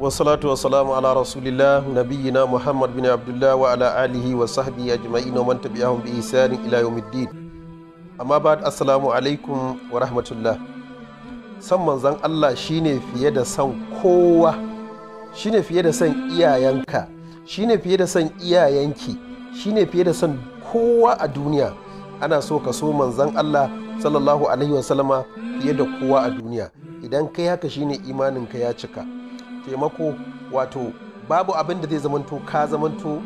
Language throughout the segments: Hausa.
wasalatu wasalamu ala rasulillah nabiyina muhammad bin abdullah wa ala alihi wa sahbihi ajma'in wa man tabi'ahum bi ihsanin ila yawmiddin amma ba assalamu alaikum wa rahmatullah san manzan Allah shine fiye da san kowa shine fiye da san iyayenka shine fiye da san iyayenki shine fiye da san kowa a duniya ana so ka so manzan Allah sallallahu alaihi wasallama fiye da kowa a duniya idan kai haka shine imaninka ya cika taimako wato babu abin da zai zamanto ka zamanto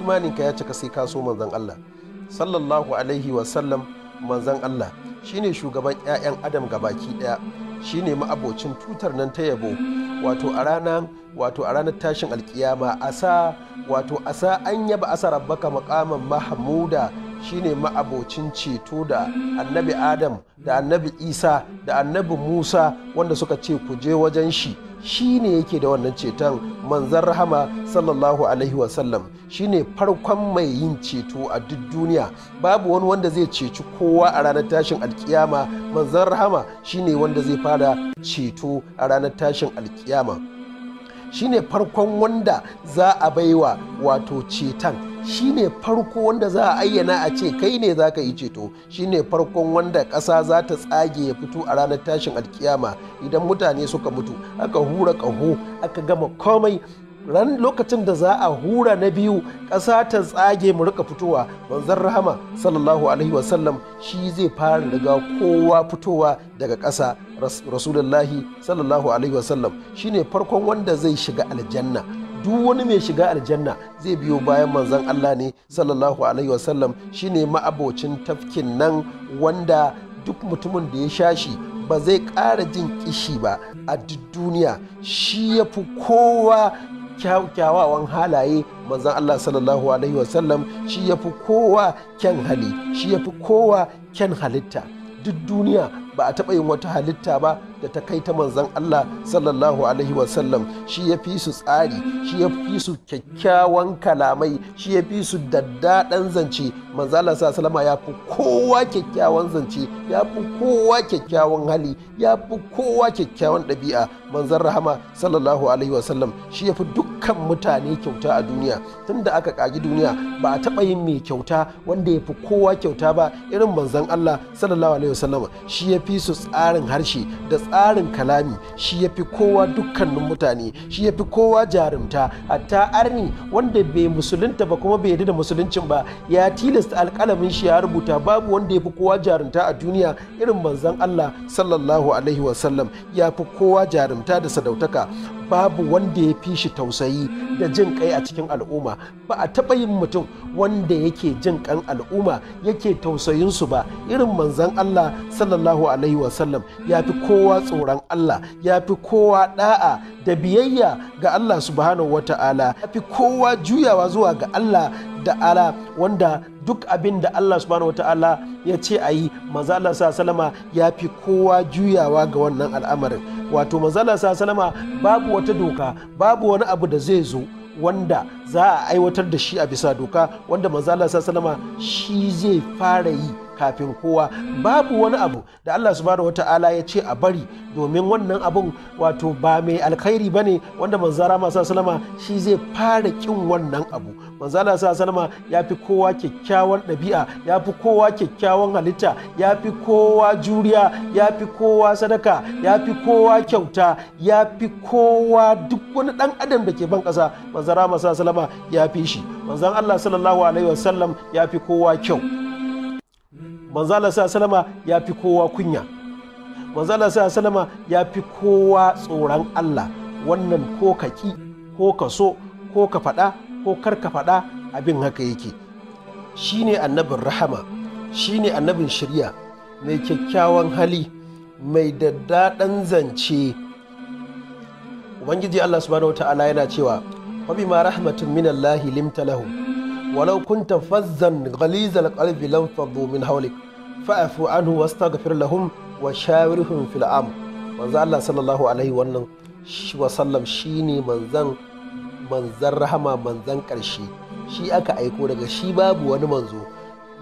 imaninka ya cika sai ka so manzan Allah sallallahu alaihi wa sallam manzon Allah shine shugaban 'ya'yan adam ga gabaki daya shine ma'abocin tutar nan ta yabo wato a ranar wato a ranar tashin alkiyama asa wato asa an yaba asa rabbaka maqaman mahmuda shine ma'abocin ceto da annabi adam da annabi isa da annabi musa wanda suka ce ku je wajen shi shi ne yake da wannan ceton manzan rahama sallallahu alaihi wasallam shi ne farkon mai yin ceto a duk duniya babu wani wanda zai ceci kowa a ranar tashin alkiyama manzan rahama shi ne wanda zai fara ceto a ranar tashin alkiyama shi ne farkon wanda za a baiwa wato ceton shi ne farko wanda za a ayyana a ce kai ne za ka yi ceto shi ne farkon wanda ƙasa za ta tsage ya fito a ranar tashin alkiyama idan mutane suka mutu aka hura ƙaho aka gama komai ran lokacin da za a hura na biyu ƙasa ta tsage mu rika fitowa manzon rahama sallallahu alaihi wasallam shi zai fara daga kowa fitowa daga ƙasa rasulullahi sallallahu alaihi wasallam shine farkon wanda zai shiga aljanna duk wani mai shiga aljanna zai biyo bayan manzon Allah ne sallallahu alaihi wasallam shine ma'abocin tafkin nan wanda duk mutumin da ya sha shi ba zai ƙara jin kishi ba a duk duniya shi ya fi kowa kyawawan halaye manzon Allah sallallahu alaihi wasallam shi ya fi kowa kyan hali shi ya fi kowa kyan halitta duk duniya ba a taɓa yin wata halitta ba da ta kai ta manzan Allah sallallahu alaihi wasallam shi ya fi su tsari shi ya fi su kyakkyawan kalamai shi ya fi su daddaɗan zance manzala sa salama ya fi kowa kyakkyawan zance ya fi kowa kyakkyawan hali ya fi kowa kyakkyawan ɗabi'a manzon rahama sallallahu alaihi wasallam shi ya fi dukkan mutane kyauta a duniya tunda aka kagi duniya ba a taba yin mai kyauta wanda ya fi kowa kyauta ba irin manzon Allah sallallahu alaihi wasallam shi ya fi su tsarin harshe da tsarin kalami shi ya fi kowa dukkanin mutane shi ya fi kowa jarumta hatta arni wanda bai musulunta ba kuma bai yadda da musuluncin ba ya tilasta alkalamin shi ya rubuta babu wanda ya fi kowa jarumta a duniya irin manzon Allah sallallahu alaihi wasallam ya fi kowa jarumta mutunta da sadautaka babu wanda ya fi shi tausayi da jin kai a cikin al'umma ba a taɓa yin mutum wanda yake jin kan al'umma yake tausayinsu ba irin manzan Allah sallallahu alaihi wasallam ya fi kowa tsoron Allah ya fi kowa da'a da biyayya ga Allah subhanahu wata'ala ya fi kowa juyawa zuwa ga Allah da ala wanda duk abin da Allah subhanahu wata'ala ya ce a yi manzan Allah sallallahu alaihi wasallama ya fi kowa juyawa ga wannan al'amarin wato manzala salama babu wata doka babu wani abu da zai zo wanda za a aiwatar da shi a bisa doka wanda manzala salama shi zai fara yi kafin kowa babu wani abu da Allah subhanahu wata'ala ya ce a bari domin wannan abun wato ba mai alkhairi ba ne wanda manzara masu salama shi zai fara kin wannan abu manzara masu salama ya fi kowa kyakkyawan ɗabi'a ya fi kowa kyakkyawan halitta ya fi kowa juriya ya fi kowa sadaka ya fi kowa kyauta ya fi kowa duk wani ɗan adam da ke ban ƙasa manzara masu salama ya fi shi manzan Allah sallallahu alaihi wasallam ya fi kowa kyau manzala Allah salama ya fi kowa kunya manzala salama ya fi kowa tsoron Allah wannan ko ka ki ko ka so ko ka faɗa ko kar ka faɗa abin haka yake Shi ne annabin rahama shi ne annabin shirya mai kyakkyawan hali mai daddaɗan zance ubangiji Allah subhanahu wa ta'ala yana cewa wa ma rahmatun minallahi limta ولو كنت فظا غليظ القلب لانفضوا من حولك فاعف عنه واستغفر لهم وشاورهم في الامر manzo Allah sallallahu alaihi wannan wasallam shine manzan manzan rahama manzan karshe shi aka aiko daga shi babu wani manzo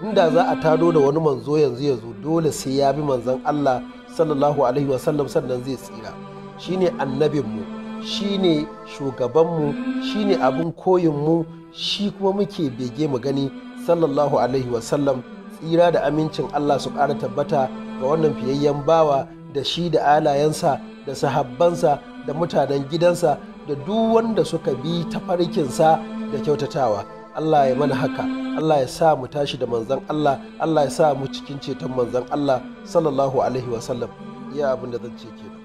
inda za a tado da wani manzo yanzu ya zo dole sai ya bi manzan Allah sallallahu alaihi sallam sannan zai tsira shine annabinmu mu shine shugabanmu shine abin koyinmu shi kuma muke bege mu gani sallallahu alaihi wasallam tsira da amincin Allah su ƙara tabbata ga wannan fiyayyen bawa da shi da alayensa da sahabbansa da mutanen gidansa da duk wanda suka bi tafarkinsa da kyautatawa Allah ya mana haka Allah ya sa mu tashi da manzan Allah Allah ya sa mu cikin ceton manzan Allah sallallahu alaihi wasallam iya abin da zan ce kenan